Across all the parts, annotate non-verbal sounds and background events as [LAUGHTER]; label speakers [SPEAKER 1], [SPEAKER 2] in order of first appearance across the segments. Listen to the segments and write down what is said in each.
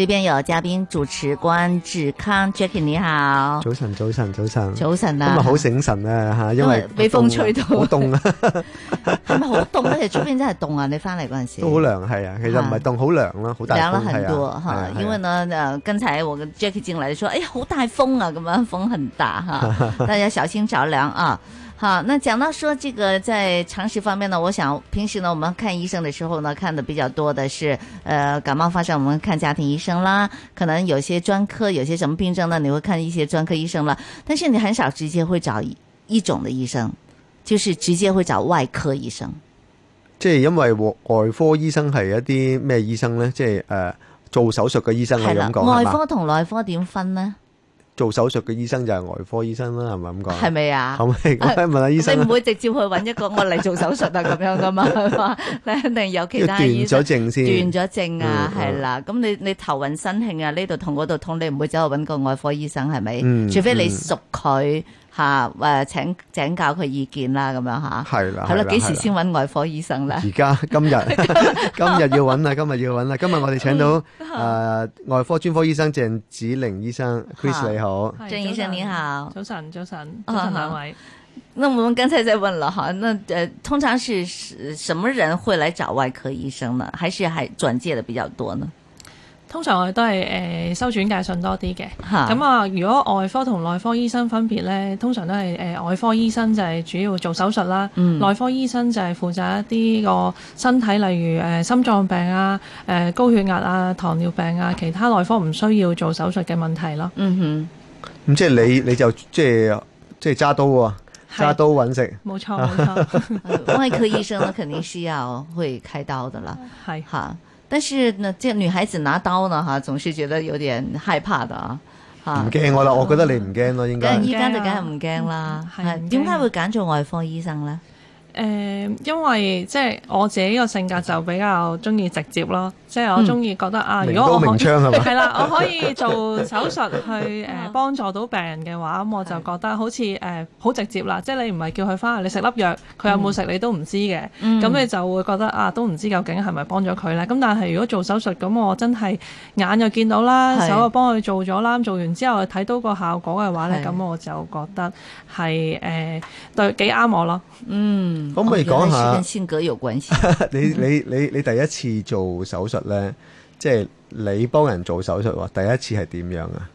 [SPEAKER 1] 這邊有嘉賓主持官志康 Jackie 你好，
[SPEAKER 2] 早晨，早晨，早晨，早晨啊，今日好醒神啊吓，因為被風吹到好凍啊，係咪好凍咧？其實出邊
[SPEAKER 1] 真係凍啊，你翻嚟嗰陣時都好
[SPEAKER 2] 涼係啊，其實唔係凍，好涼咯，好大涼很多啊，因為,
[SPEAKER 1] 因為啊剛才我跟 Jackie 進來說，哎呀，好大風啊，咁樣風很大哈，啊、 [LAUGHS] 大家小心着涼啊。好，那講到說這個在常識方面呢，我想平時呢，我們看醫生的時候呢，看的比較多的是，呃，感冒發燒，我們看家庭醫生啦，可能有些專科，有些什麼病症呢，你會看一些專科醫生啦，但是你很少直接會找一種的醫生，
[SPEAKER 2] 就是直接會找外科醫生。即係因為外科醫生係一啲咩醫生呢？即係、呃、做手術嘅醫生係咁講啊嘛？外科
[SPEAKER 1] 同內科點分呢？
[SPEAKER 2] 做手術嘅醫生就係外科醫生啦，係咪咁講？係咪啊？係咪？我問下醫生，你唔會
[SPEAKER 1] 直接去揾一個我嚟做手術啊？咁樣噶嘛？你肯定有其他嘅醫生斷咗
[SPEAKER 2] 症先，斷咗症啊，係、嗯、啦。
[SPEAKER 1] 咁、嗯、你你頭暈身慶啊？呢度痛嗰度痛，痛，你唔會走去揾個外科醫生係咪？嗯嗯嗯、除非你熟佢。嗯吓誒、啊呃，請請教佢意
[SPEAKER 2] 見啦，咁樣吓。係、啊、啦，係了啦，係啦。幾時先
[SPEAKER 1] 揾外科醫生咧？而
[SPEAKER 2] 家今日，今日 [LAUGHS] [LAUGHS] 要揾啦，今日要揾啦。 [LAUGHS] 今日我哋請到誒、呃、 [LAUGHS] 外科專科醫生鄭紫翎醫生，Chris 你好，
[SPEAKER 1] 鄭醫生你好早，早晨，早晨，早晨兩位。 [LAUGHS] 那我們剛才在問了哈，那誒通常是什麼人會來找外科醫生呢？還是還轉介的比較多呢？
[SPEAKER 3] 通常我哋都係誒收轉介信多啲嘅，咁啊，如果外科同內科醫生分別咧，通常都係誒外科醫生就係主要做手術啦，內科醫生就係負責一啲個身體，例如誒心臟病啊、誒高血壓啊、糖尿病啊，其他內科唔需要做手術嘅問題咯。嗯哼，
[SPEAKER 2] 咁即係你你就即係即係揸刀喎，揸刀搵食。
[SPEAKER 1] 冇錯冇錯，外科醫生咧肯定需要會開刀㗎啦，係嚇。但是呢，那即係女孩子拿刀呢？吓、啊，總是覺得有點害怕的啊！吓，唔
[SPEAKER 2] 驚我啦，我覺得你唔驚咯，應該。而
[SPEAKER 1] 家就梗係唔驚啦，係點解會揀做外
[SPEAKER 3] 科醫生呢？誒，因為即係我自己個性格就比較中意直接咯，即係我中意覺得啊，如果我明槍係啦，我可以做手術去誒幫、 [LAUGHS] 啊、助到病人嘅話，咁、嗯、 [LAUGHS] 我就覺得好似誒好直接啦，即係你唔係叫佢翻去，你食粒藥，佢有冇食你都唔知嘅，咁、嗯啊、你就會覺得啊，都唔知究竟係咪幫咗佢咧。咁但係如果做手術，咁我真係眼又見到啦，手又幫佢做咗啦，做完之後睇到個效果嘅話咧，咁的我就覺得係誒、啊、對幾啱
[SPEAKER 1] 我咯，嗯。嗯、可唔可以講下？性
[SPEAKER 2] 格有關係 [LAUGHS] 你你你你第一次做手術呢？嗯、即係你幫人做手術，第一次係點樣啊？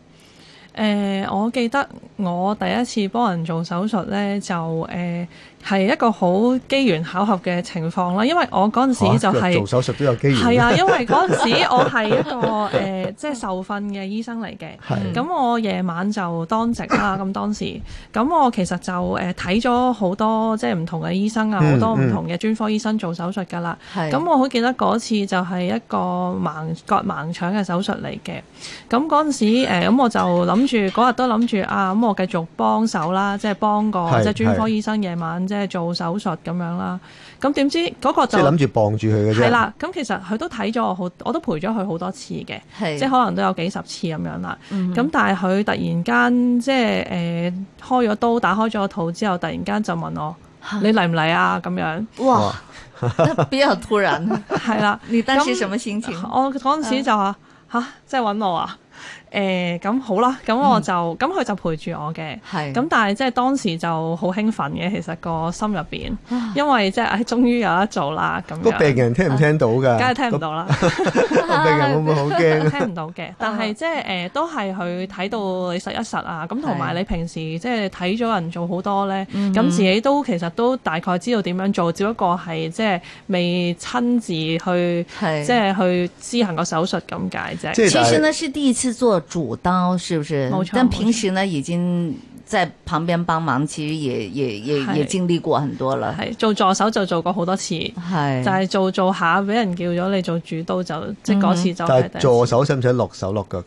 [SPEAKER 3] 誒、呃，我記得我第一次幫人做手術呢，就誒。呃係一個好機緣巧合嘅情況啦，因為我嗰陣時就係做手術都有機緣。係啊，因為嗰陣時我係一個誒，即係受訓嘅醫生嚟嘅。咁我夜晚就當值啦。咁當時，咁我其實就誒睇咗好多即係唔同嘅醫生啊，好多唔同嘅專科醫生做手術㗎啦。咁我好記得嗰次就係一個盲割盲腸嘅手術嚟嘅。咁嗰陣時誒，咁我就諗住嗰日都諗住啊，咁我繼續幫手啦，即係幫個即係專科醫生夜晚即係做手術咁樣啦，咁點知嗰個就即係諗住傍
[SPEAKER 2] 住佢嘅啫。係啦，
[SPEAKER 3] 咁其實佢都睇咗我好，我都陪咗佢好多次嘅，是的 即係可能都有幾十次咁樣啦。咁、嗯、但係佢突然間即係誒、呃、開咗刀，打開咗個肚之後，突然間就問我：你嚟唔嚟啊？咁樣哇， [LAUGHS] 比較突然。係啦 [LAUGHS] 了， [LAUGHS] 你當時什麼心情？我當時就話：吓，真係搵我啊！誒咁好啦，咁我就咁佢就陪住我嘅，咁但係即係當時就好興奮嘅，其實個心入邊，因為即係終於有得做啦，咁個病人聽唔聽
[SPEAKER 2] 到㗎？梗係聽唔到啦。個病人會唔會好驚？聽唔
[SPEAKER 3] 到嘅，但係即係誒都係去睇到你實一實啊，咁同埋你平時即係睇咗人做好多咧，咁自己都其實都大概知道點樣做，只不過係即係未親自去即係去施行個手術咁解啫。其實呢
[SPEAKER 1] 係第一次做。主刀是不是？但平時呢，已經即係旁邊幫忙，其實也也也也經歷過很多了。係做助手就做過好多次，係就係做做下，俾人叫咗你
[SPEAKER 3] 做主刀就即嗰次就。但助
[SPEAKER 2] 手使唔使落手落腳嘅？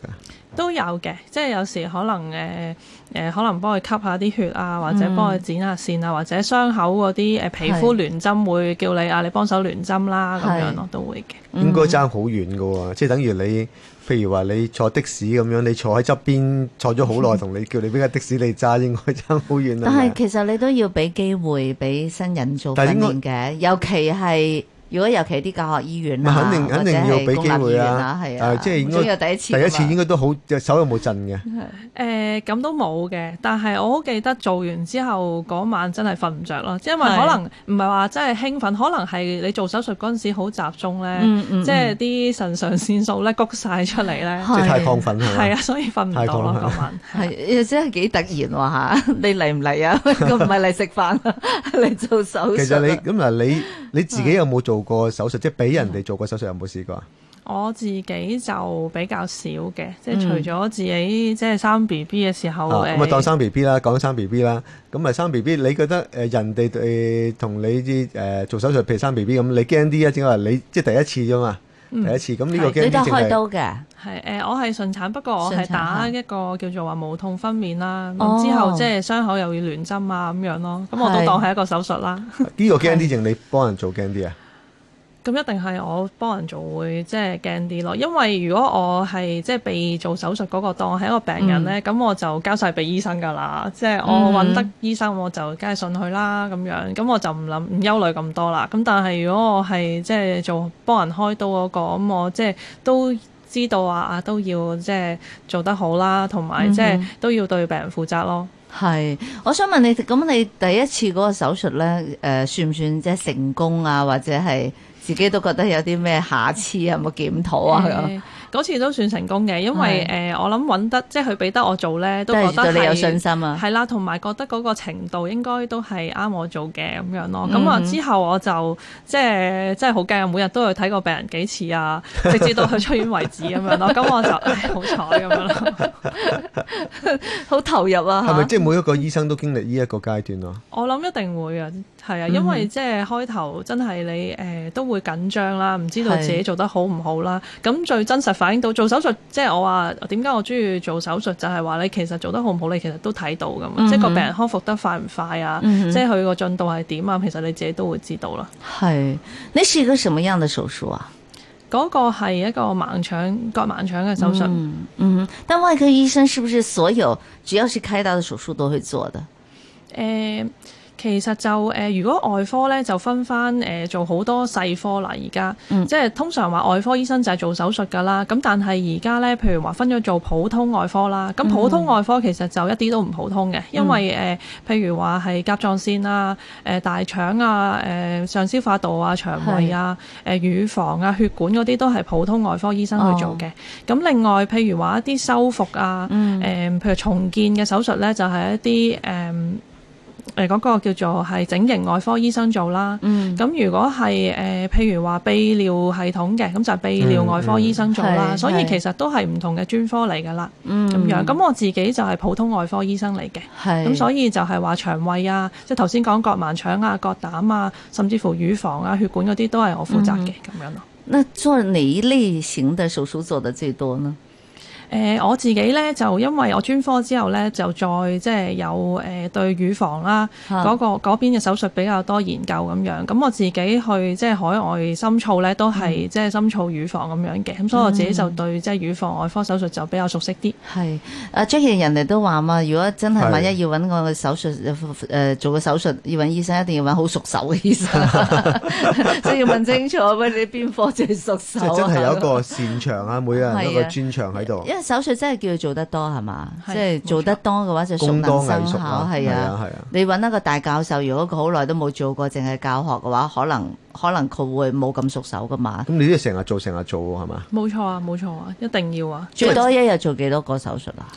[SPEAKER 3] 都有嘅，即係有時可能誒誒，可能幫佢吸下啲血啊，或者幫佢剪下線啊，或者傷口嗰啲誒皮膚聯針會叫你啊，你幫手聯針啦咁樣咯，都會
[SPEAKER 2] 嘅。應該爭好遠噶，即係等於你。譬如話你坐的士咁樣，你坐喺側邊坐咗好耐，同、嗯、你叫你邊架的士你揸，應該差好遠啦。但係
[SPEAKER 1] 其實你都要俾機會俾新人做訓練嘅，尤其係。如果尤其啲教學醫院啦，或者公立醫院啊，係啊，即係第一次，第一次應
[SPEAKER 2] 該都好，隻手有冇震嘅？
[SPEAKER 3] 誒咁都冇嘅，但係我好記得做完之後嗰晚真係瞓唔著咯，因為可能唔係話真係興奮，可能係你做手術嗰陣時好集中咧，即係啲腎上腺素咧谷曬出嚟咧，即係太亢奮啦，係啊，所以瞓唔到咯嗰晚。
[SPEAKER 1] 係，誒真係幾突然喎嚇！你嚟唔嚟啊？唔係嚟食飯啦，嚟做手術。其實
[SPEAKER 2] 你咁嗱，你你自己有冇做？做過手術，即係俾人哋做過手術有冇試過啊？
[SPEAKER 3] 我自己就比較少嘅，即係除咗自己即係生 B B 嘅時候。啊，咁啊當生
[SPEAKER 2] B B 啦，講生 B B 啦。咁啊生 B B，你覺得誒人哋對同你啲誒做手術，譬如生 B B 咁，你驚啲啊？正話你即係第一次啫嘛，第一次咁呢個驚啲正係。你都開刀
[SPEAKER 3] 嘅，係誒我係順產，不過我係打一個叫做話無痛分娩啦。咁之後即係傷口又要亂針啊咁樣咯。咁我都當係一個手術啦。呢
[SPEAKER 2] 個驚啲正你幫人做驚啲啊？
[SPEAKER 3] 咁一定係我幫人做會即係驚啲咯，因為如果我係即係被做手術嗰個當係一個病人咧，咁、嗯、我就交晒俾醫生㗎啦。嗯、即係我揾得醫生，我就梗係信佢啦咁樣。咁我就唔諗唔憂慮咁多啦。咁但係如果我係即係做幫人開刀嗰、嗰個，咁我即係都知道啊啊都要即係做得好啦，同埋、嗯嗯、即係
[SPEAKER 1] 都要對病人負責咯。係，我想問你，咁你第一次嗰個手術咧，誒、呃、算唔算即係成功啊？或者係？自己都覺得有啲咩瑕疵，有冇檢討啊？
[SPEAKER 3] 嗰次都算成功嘅，因為誒，我諗揾得，即係佢俾得我做咧，都覺得你有信心啊。係啦，同埋覺得嗰個程度應該都係啱我做嘅咁樣咯。咁啊，之後我就即係真係好驚，每日都去睇個病人幾次啊，直至到佢出院為止咁樣咯。咁我就唉，好彩咁樣咯，好投入啊！係咪即係每
[SPEAKER 2] 一個醫生都經歷呢一個階段咯？
[SPEAKER 3] 我諗一定會嘅，係啊，因為即係開頭真係你誒都會。緊張啦，唔知道自己做得好唔好啦。咁是最真實反映到做手術，即、就、係、是、我話點解我中意做手術，就係、是、話你其實做得好唔好，你其實都睇到㗎嘛。即係個病人康復得快唔快啊？即係佢個進度係點啊？其實你自己都會知道啦。
[SPEAKER 1] 係，你是一個什麼樣嘅手術啊？嗰個係一個盲腸，割盲腸嘅手術、嗯。嗯，但外科醫生是不是所有只要是開刀嘅手術都會做的？
[SPEAKER 3] 誒、嗯。其實就誒、呃，如果外科咧就分翻誒、呃、做好多細科啦。而家、嗯、即係通常話外科醫生就係做手術㗎啦。咁但係而家咧，譬如話分咗做普通外科啦。咁、嗯、普通外科其實就一啲都唔普通嘅，因為誒、呃，譬如話係甲狀腺啦、啊、誒、呃、大腸啊、誒、呃、上消化道啊、腸胃啊、誒是、呃、乳房啊、血管嗰啲都係普通外科醫生去做嘅。咁、哦、另外，譬如話一啲修復啊、誒譬如重建嘅手術咧，就係一啲誒。嗯嗯。誒，嗰個叫做係整形外科醫生做啦。嗯。咁如果係誒、呃，譬如話泌尿系統嘅，咁就係泌尿外科醫生做啦。嗯嗯、所以其實都係唔同嘅專科嚟噶啦。嗯。咁樣，咁我自己就係普通外科醫生嚟嘅。係、嗯。咁所以就係話腸胃啊，即係頭先講割盲腸啊、割膽啊，甚至乎乳房啊、血管嗰啲都係我負責嘅。咁
[SPEAKER 1] 樣咯。那做哪一類型的手術做得最多呢？誒我自己咧就因為我
[SPEAKER 3] 專科之後咧就再即係有誒對乳房啦嗰個嗰邊嘅手術比較多研究咁樣，咁我自己去即係海外深造咧都係即係深造
[SPEAKER 1] 乳房咁樣嘅，咁所以我自己就對即係乳房外科手術就比較熟悉啲。係阿 Jackie 人哋都話嘛，如果真係萬一要揾我嘅手術誒做個手術要揾醫生，一
[SPEAKER 2] 定要揾好熟手嘅醫生，所以要問
[SPEAKER 1] 清楚乜你邊科最熟手。就真係有一個
[SPEAKER 2] 擅長啊，每個人一個專長喺度。
[SPEAKER 1] 手術真係叫做得多係嘛？是即係做得多嘅話，錯就熟能生巧係啊！啊啊你揾一個大教授，如果佢好耐都冇做過，淨係教學嘅話，可能可能佢會冇咁熟手噶嘛？咁你都要成日做，成日做係嘛？
[SPEAKER 3] 冇錯啊，冇錯啊，一定要啊！最多一
[SPEAKER 1] 日做幾多個手術啊？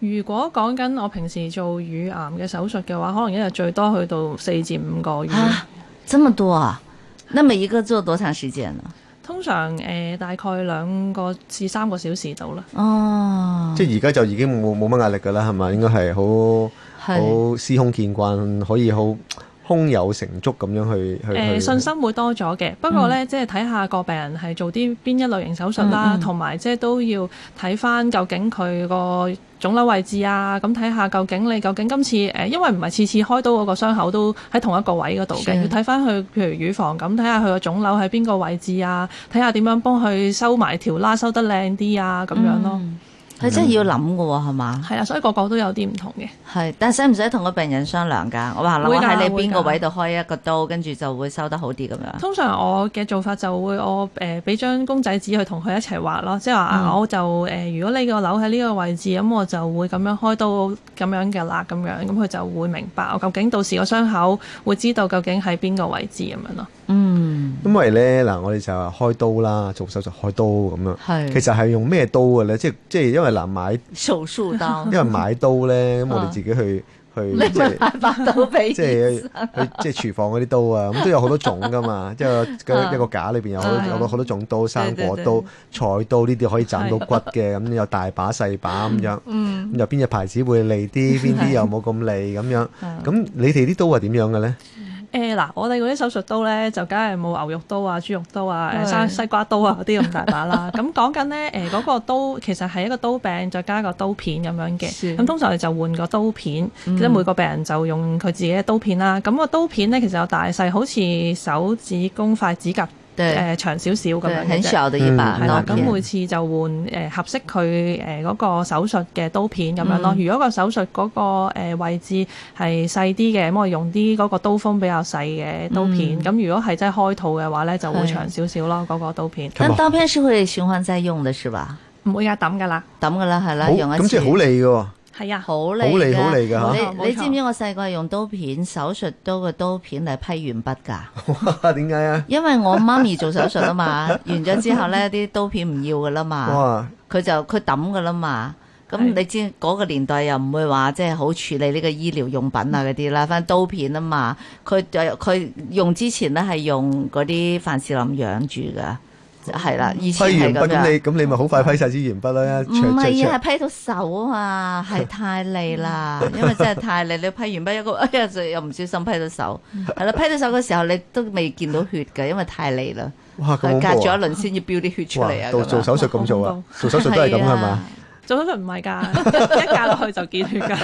[SPEAKER 3] 如果講緊我平時做乳癌嘅手術嘅話，可能一日最多去到四至五個。啊，
[SPEAKER 1] 這麼多啊？
[SPEAKER 3] 那咪一個做多長時間啊？通常誒、呃、大概兩個至三個小時到啦。哦，
[SPEAKER 2] 即係而家就已經冇冇乜壓力㗎啦，係咪？應該係好好司空見慣，可以好，胸有成竹咁樣去，誒、呃、去信
[SPEAKER 3] 心會多咗嘅。嗯、不過咧，即係睇下個病人係做啲邊一類型手術啦、啊，同埋即係都要睇翻究竟佢個腫瘤位置啊。咁睇下究竟你究竟今次誒、呃，因為唔係次次開刀嗰個傷口都喺同一個位嗰度嘅，是的 要睇翻佢，譬如乳房咁，睇下佢個腫瘤喺邊個位置啊，睇下點樣幫佢
[SPEAKER 1] 收埋條疤，收得靚啲啊，咁、嗯、樣咯。佢真係要諗嘅喎，係嘛、嗯？係啦，所以個個都有啲唔同嘅。係，但使唔使同個病人商量㗎？我話會喺你邊個位度開一個刀，跟住的就會收得好啲咁樣。
[SPEAKER 3] 通常我嘅做法就會我誒俾、呃、張公仔紙去同佢一齊畫咯，即、就、係、是、啊，我就誒、呃，如果你個瘤喺呢個位置，咁、嗯、我就會咁樣開刀咁樣嘅啦，咁樣咁佢就會明白我究竟到時個傷口會知道究竟喺邊個位置咁樣咯。
[SPEAKER 2] 嗯，因為咧嗱，我哋就話開刀啦，做手術開刀咁樣，係，其實係用咩刀嘅咧？即即係因為難買
[SPEAKER 1] 手術刀，因為
[SPEAKER 2] 買刀咧，咁我哋自己去去即係
[SPEAKER 1] 把刀俾，即係
[SPEAKER 2] 即係廚房嗰啲刀啊，咁都有好多種噶嘛，即係一個架裏邊有好多好多好多種刀，生果刀、菜刀呢啲可以斬到骨嘅，咁有大把細把咁樣，嗯，咁有邊隻牌子會利啲，邊啲又冇咁利咁樣，咁你哋啲刀係點樣嘅咧？
[SPEAKER 3] 誒嗱、欸，我哋嗰啲手術刀咧就梗係冇牛肉刀啊、豬肉刀啊、誒的西瓜刀啊嗰啲咁大把啦。咁講緊咧，誒嗰、 [LAUGHS] 嗰個刀其實係一個刀柄，再加個刀片咁樣嘅。咁通常我哋就換個刀片，即係每個病人就用佢自己嘅刀片啦。咁、個刀片咧其實有大細，好似手指公筷指甲。誒對、呃，長少少咁樣係啦。咁每次就換誒、呃、合適佢誒嗰個手術嘅刀片咁樣咯。嗯、如果手術個手術嗰個誒位置係細啲嘅，咁我用啲嗰個刀鋒比較細嘅刀片。咁、嗯、如果係真係開肚嘅話咧，就會長少少咯，嗰對個刀片。咁刀片
[SPEAKER 2] 是
[SPEAKER 1] 會循環再用嘅，是吧？唔會啊，抌㗎喇，抌㗎喇，係啦，好用一下。咁即係好利嘅。係啊，好利嘅。好利好利，你錯你知唔知我細個係用刀片手術刀嘅刀片嚟批鉛筆噶？點解啊？ [LAUGHS] 因為我媽咪做手術啊嘛， [LAUGHS] 完咗之後咧啲刀片唔要噶啦嘛，佢哇就佢抌噶啦嘛。咁你知嗰是個年代又唔會話即係好處理呢個醫療用品啊嗰啲啦，反正刀片啊嘛，佢就佢用之前咧係用嗰啲凡士林養住噶。係啦，二次批完咁，咁你
[SPEAKER 2] 咁你咪好快批晒支鉛筆啦。唔係啊，係
[SPEAKER 1] 批到手啊，係 [LAUGHS] 太利啦，因為真係太利，你批完筆一個哎呀，就又唔小心批到手。係啦， [LAUGHS] 批到手嘅時候你都未見到血嘅，因為太利啦，
[SPEAKER 2] 係、啊啊、隔咗一
[SPEAKER 1] 輪先要飆啲血出嚟啊。做手
[SPEAKER 2] 術咁做啊，做手術都係咁噶嘛。
[SPEAKER 1] 做手術唔係噶，一隔落去就見血噶。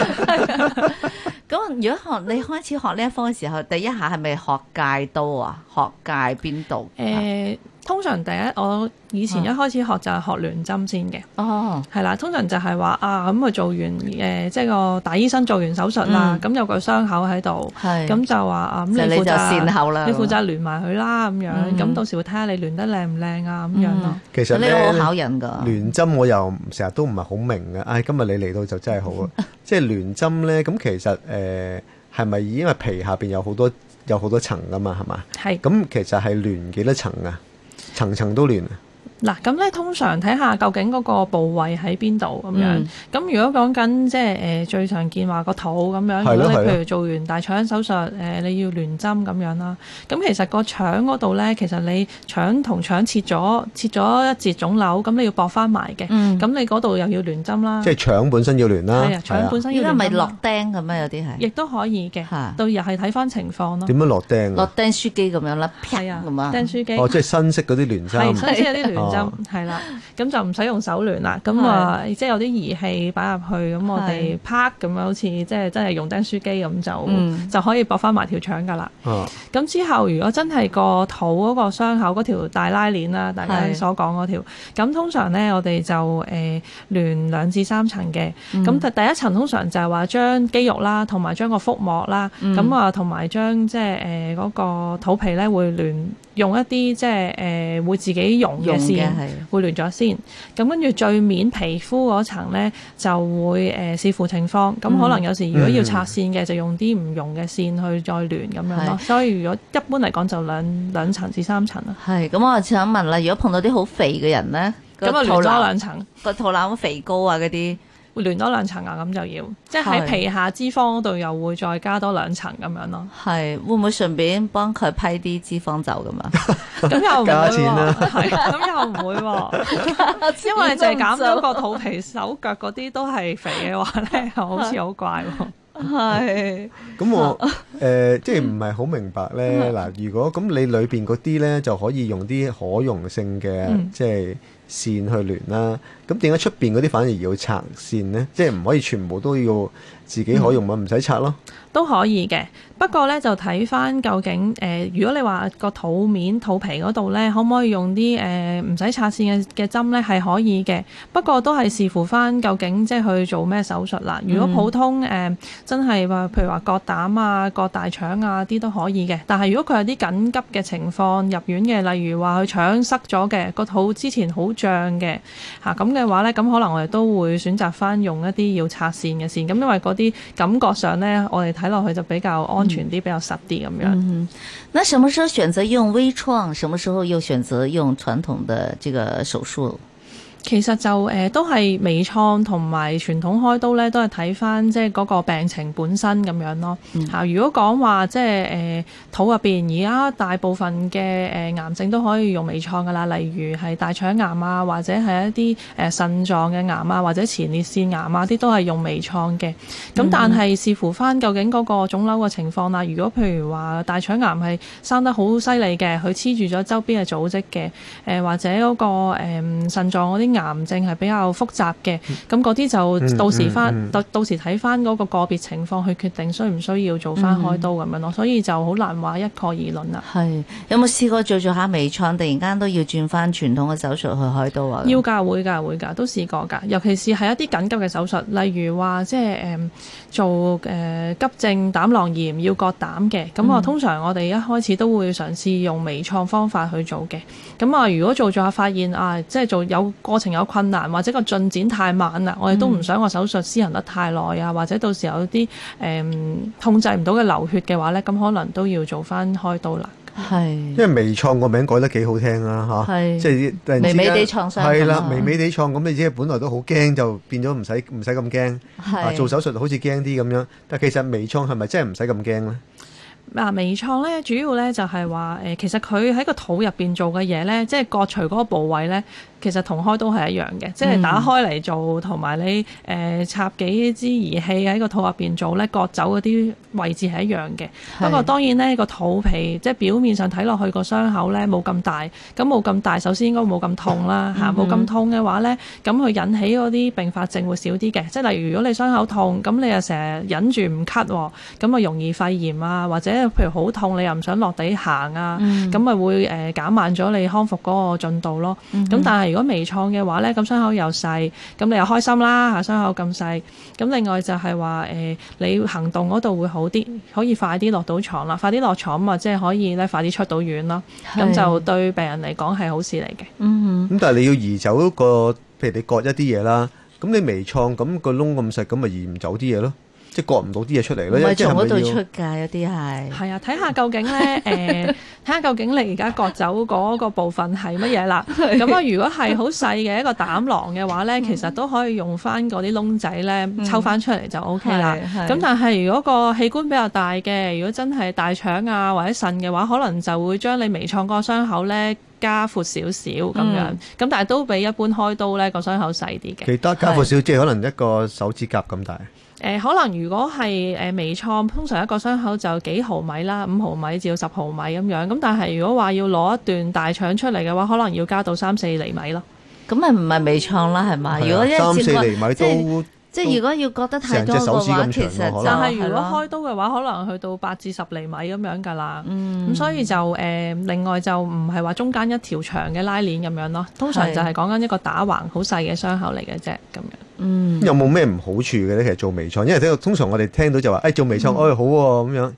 [SPEAKER 1] 咁如果學你開始學呢一科嘅時候，第一下係咪學界刀啊？學界邊度、啊？誒、嗯。通常第一，我以
[SPEAKER 3] 前一開始學就係學聯針先嘅。哦，係啦，通常就係話啊，咁佢做完誒，即係個大醫生做完手術啦，咁有個傷口喺度，咁就話啊，咁你負責
[SPEAKER 1] 善後啦，你負責聯
[SPEAKER 3] 埋佢啦，咁樣咁到時會睇下你聯得靚唔靚啊，咁樣咯。其實
[SPEAKER 2] 你好考人㗎。聯針我又成日都唔係好明嘅。唉，今日你嚟到就真係好啊！即係聯針咧，咁其實誒係咪已經係皮下邊有好多有好多層噶嘛？係嘛？係咁，其實係聯幾多層啊？層層都亂。
[SPEAKER 3] 嗱，咁咧通常睇下究竟嗰個部位喺邊度咁樣。咁如果講緊即係誒最常見話個肚咁樣，如果你譬如做完大腸手術，誒你要聯針咁樣啦。咁其實個腸嗰度咧，其實你腸同腸切咗，切咗一截腫瘤，咁你要駁翻埋嘅。咁你嗰度又要聯針啦。即係
[SPEAKER 2] 腸本身要聯啦。係腸本身要聯。而家咪
[SPEAKER 1] 落釘咁啊？有啲係。亦都可以嘅。到又係睇翻情況咯。點樣落釘？落釘書機咁樣啦，劈同埋。釘書機。哦，即係
[SPEAKER 2] 新式嗰啲聯針。即係啲針
[SPEAKER 3] 係啦，咁、哦、 [LAUGHS] 就唔使用，用手聯啦，咁啊即係有啲儀器擺入去，咁是我哋啪咁樣，好似即係真係用釘書機咁就、嗯、就可以駁翻埋條腸㗎啦。咁、哦、之後如果真係個肚嗰個傷口嗰條大拉鏈啦，是大家所講嗰條，咁通常咧我哋就誒聯、呃、兩至三層嘅，咁第、嗯、第一層通常就係話將肌肉啦，同埋將個腹膜啦，咁啊同埋將即係誒嗰個肚皮咧會聯。會用一啲即係誒、呃、會自己溶嘅線，會亂咗先。咁跟住最面皮膚嗰層咧，就會誒、呃、視乎情況。咁、嗯、可能有時、嗯、如果要拆線嘅，就用啲唔溶嘅線去再亂咁樣咯。是所以
[SPEAKER 1] 如果一般嚟講，就兩兩層至三層啦。係。咁我就想問啦，如果碰到啲好肥嘅人咧，咗兩層肚
[SPEAKER 3] 腩個肚腩肥高啊嗰啲。 [LAUGHS] 連多兩層啊，咁就要，即係喺皮下脂肪嗰度又會再加多兩層咁樣咯。係會唔會順便
[SPEAKER 1] 幫佢批啲脂肪走咁 [LAUGHS] 啊？咁錢、啊、 [LAUGHS] 又唔會，係咁
[SPEAKER 3] 又唔會，因為就係減咗個肚皮、 [LAUGHS] 手腳嗰啲都係肥嘅話咧，
[SPEAKER 1] 好似好怪喎。係
[SPEAKER 2] 咁我誒、呃，即係唔係好明白咧？嗱、嗯，嗯、如果咁你裏邊嗰啲咧，就可以用啲可溶性嘅即係線去聯啦。嗯嗯咁點解出邊嗰啲反而要拆線呢？即係唔可以全部都要自己可用嗎？唔使拆咯、嗯，
[SPEAKER 3] 都可以嘅。不過呢，就睇返究竟誒、呃，如果你話個肚面、肚皮嗰度、呃、呢，可唔可以用啲誒唔使拆線嘅嘅針呢？係可以嘅。不過都係視乎返究竟即係去做咩手術啦。如果普通誒、嗯呃、真係話，譬如話割膽啊、割大腸啊啲都可以嘅。但係如果佢有啲緊急嘅情況入院嘅，例如話佢腸塞咗嘅，個肚之前好脹嘅吓咁。啊啊啊啊 [LAUGHS] 嘅話咧，咁可能我哋都會選擇翻用一啲要拆線嘅線，咁因為嗰啲感覺上咧，我哋睇落去就比較安全啲，嗯、比較實啲咁樣。嗯，
[SPEAKER 1] 那什麼時候選擇用微創，什麼時候又選擇用傳統的這個手術？
[SPEAKER 3] 其實就誒、呃、都係微創同埋傳統開刀咧，都係睇翻即係嗰個病情本身咁樣咯嚇。嗯、如果講話即係誒肚入邊，而家大部分嘅誒、呃、癌症都可以用微創噶啦，例如係大腸癌啊，或者係一啲誒、呃、腎臟嘅癌啊，或者前列腺癌啊啲都係用微創嘅。咁、嗯、但係視乎翻究竟嗰個腫瘤嘅情況啦。如果譬如話大腸癌係生得好犀利嘅，佢黐住咗周邊嘅組織嘅誒、呃，或者嗰、嗰個誒、嗯、腎臟嗰啲。癌症係比較複雜嘅，咁嗰啲就到時翻到到時睇翻嗰個個別情況去決定需唔需要做翻開刀咁樣咯，嗯、所以就好難話一
[SPEAKER 1] 概而論啦。係有冇試過做做下微創，突然間都要轉翻傳統嘅手術去開刀啊？音調要
[SPEAKER 3] 㗎會㗎會㗎都試過㗎，尤其是係一啲緊急嘅手術，例如話即係誒做誒、呃、急症膽囊炎要割膽嘅，咁音調音調我通常我哋一開始都會嘗試用微創方法去做嘅。咁啊，如果做咗下發現啊，即、嗯、係、嗯嗯呃呃、做有音調情有困難，或者個進展太慢啦，我哋都唔想個手術施行得太耐啊。或者到時有啲誒控制唔到嘅流血嘅話咧，咁可能都要做翻開刀啦。
[SPEAKER 2] 係因為微創個名改得幾好聽啦，吓，即係突然之間係啦，微微地創咁，你自己本來都好驚，就變咗唔使唔使咁驚。係做手術好似驚啲咁樣，但係其實微創係咪真係唔使咁驚咧？
[SPEAKER 3] 嗱，微創咧，主要咧就係話誒，其實佢喺個肚入邊做嘅嘢咧，即係割除嗰個部位咧。其實同開都係一樣嘅，即係打開嚟做，同埋你誒、呃、插幾支儀器喺個肚入邊做咧，割走嗰啲位置係一樣嘅。是不過當然咧，個肚皮即係表面上睇落去個傷口咧冇咁大，咁冇咁大，首先應該冇咁痛啦嚇，冇咁、嗯、哼痛嘅話咧，咁佢引起嗰啲併發症會少啲嘅。即係例如如果你傷口痛，咁你又成日忍住唔咳喎，咁咪容易肺炎啊，或者譬如好痛你又唔想落地行啊，咁咪、嗯、會誒減、呃、慢咗你康復嗰個進度咯。咁但係。如果微創嘅話咧，咁傷口又細，咁你又開心啦吓，傷口咁細。咁另外就係話，誒、呃，你行動嗰度會好啲，可以快啲落到床啦，快啲落床啊，即係可以咧，快啲出到院咯。咁是就對病人嚟講係好事嚟嘅、嗯
[SPEAKER 2] 哼嗯。嗯，咁但係你要移走一個，譬如你割一啲嘢啦，咁你微創，咁個窿咁細，咁咪移唔走啲嘢咯。即割唔到啲嘢出嚟咧，從嗰度出
[SPEAKER 3] 噶有啲係。係啊，睇下究竟咧，誒、呃，睇下究竟你而家割走嗰個部分係乜嘢啦。咁啊，如果係好細嘅一個膽囊嘅話咧， [LAUGHS] 其實都可以用翻嗰啲窿仔咧抽翻出嚟就 O K 啦。咁、嗯、但係如果個器官比較大嘅，如果真係大腸啊或者腎嘅話，可能就會將你微創個傷口咧加闊少少咁樣。咁但係都比一般開刀咧個傷口細啲嘅。其他加闊少
[SPEAKER 2] 即係可能一個手指甲咁大。是 [LAUGHS]
[SPEAKER 3] 誒、呃、可能如果係誒微創，通常一個傷口就幾毫米啦，五毫米至到十毫米咁樣。咁但係如果話要攞一段大腸出嚟嘅話，可能要加到三四厘米咯。
[SPEAKER 1] 咁咪唔係微創啦，係咪？如果、啊、三四厘米都即係
[SPEAKER 3] 即、都如果要覺得太多嘅話，其實就係、是、如果開刀嘅話，可能去到八至十厘米咁樣噶啦。嗯，咁、嗯、所以就誒、呃、另外就唔係話中間一條長嘅拉鏈咁樣咯。通常就係講緊一個打橫好細嘅傷口嚟嘅啫，咁樣。
[SPEAKER 2] 嗯，有冇咩唔好處嘅咧？其實做微創，因為通常我哋聽到就話，誒、哎、做微創誒、嗯哎、好喎、啊、咁樣。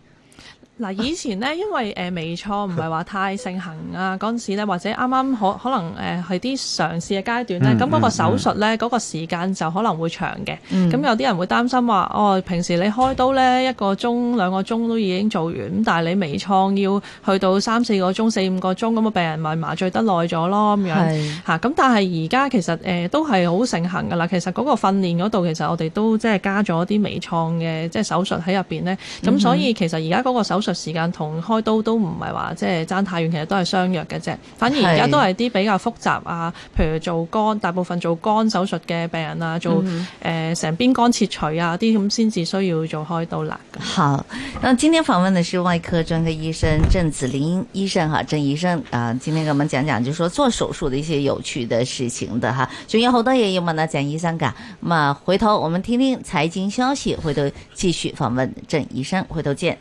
[SPEAKER 3] 嗱，以前咧，因為誒微創唔係話太盛行啊，嗰陣時咧，或者啱啱可可能誒係啲嘗試嘅階段咧，咁嗰、嗯、個手術咧，嗰、嗯、個時間就可能會長嘅。咁、嗯、有啲人會擔心話，哦，平時你開刀咧，一個鐘兩個鐘都已經做完，咁但係你微創要去到三四個鐘、四五個鐘，咁啊病人咪麻醉得耐咗咯咁樣嚇。咁是、啊、但係而家其實誒、呃、都係好盛行㗎啦。其實嗰個訓練嗰度其實我哋都即係加咗啲微創嘅即係手術喺入邊咧。咁、嗯嗯、所以其實而家嗰個手術、嗯時間同開刀都唔係話即係爭太遠，其實都係相若嘅啫。反而而家都係啲比較複雜啊，譬是如做肝，大部分做肝手術嘅病人啊，做誒成邊肝切除啊啲
[SPEAKER 1] 咁，先至需要做開刀啦。好，那今天訪問嘅係外科專科醫生鄭紫翎醫生哈，鄭、啊、醫生啊，今天給我們講講，就說做手術的一些有趣的事情的哈。仲有好多嘢要問呢鄭醫生噶，咁啊，回頭我們聽聽財經消息，回頭繼續訪問鄭醫生，回頭見。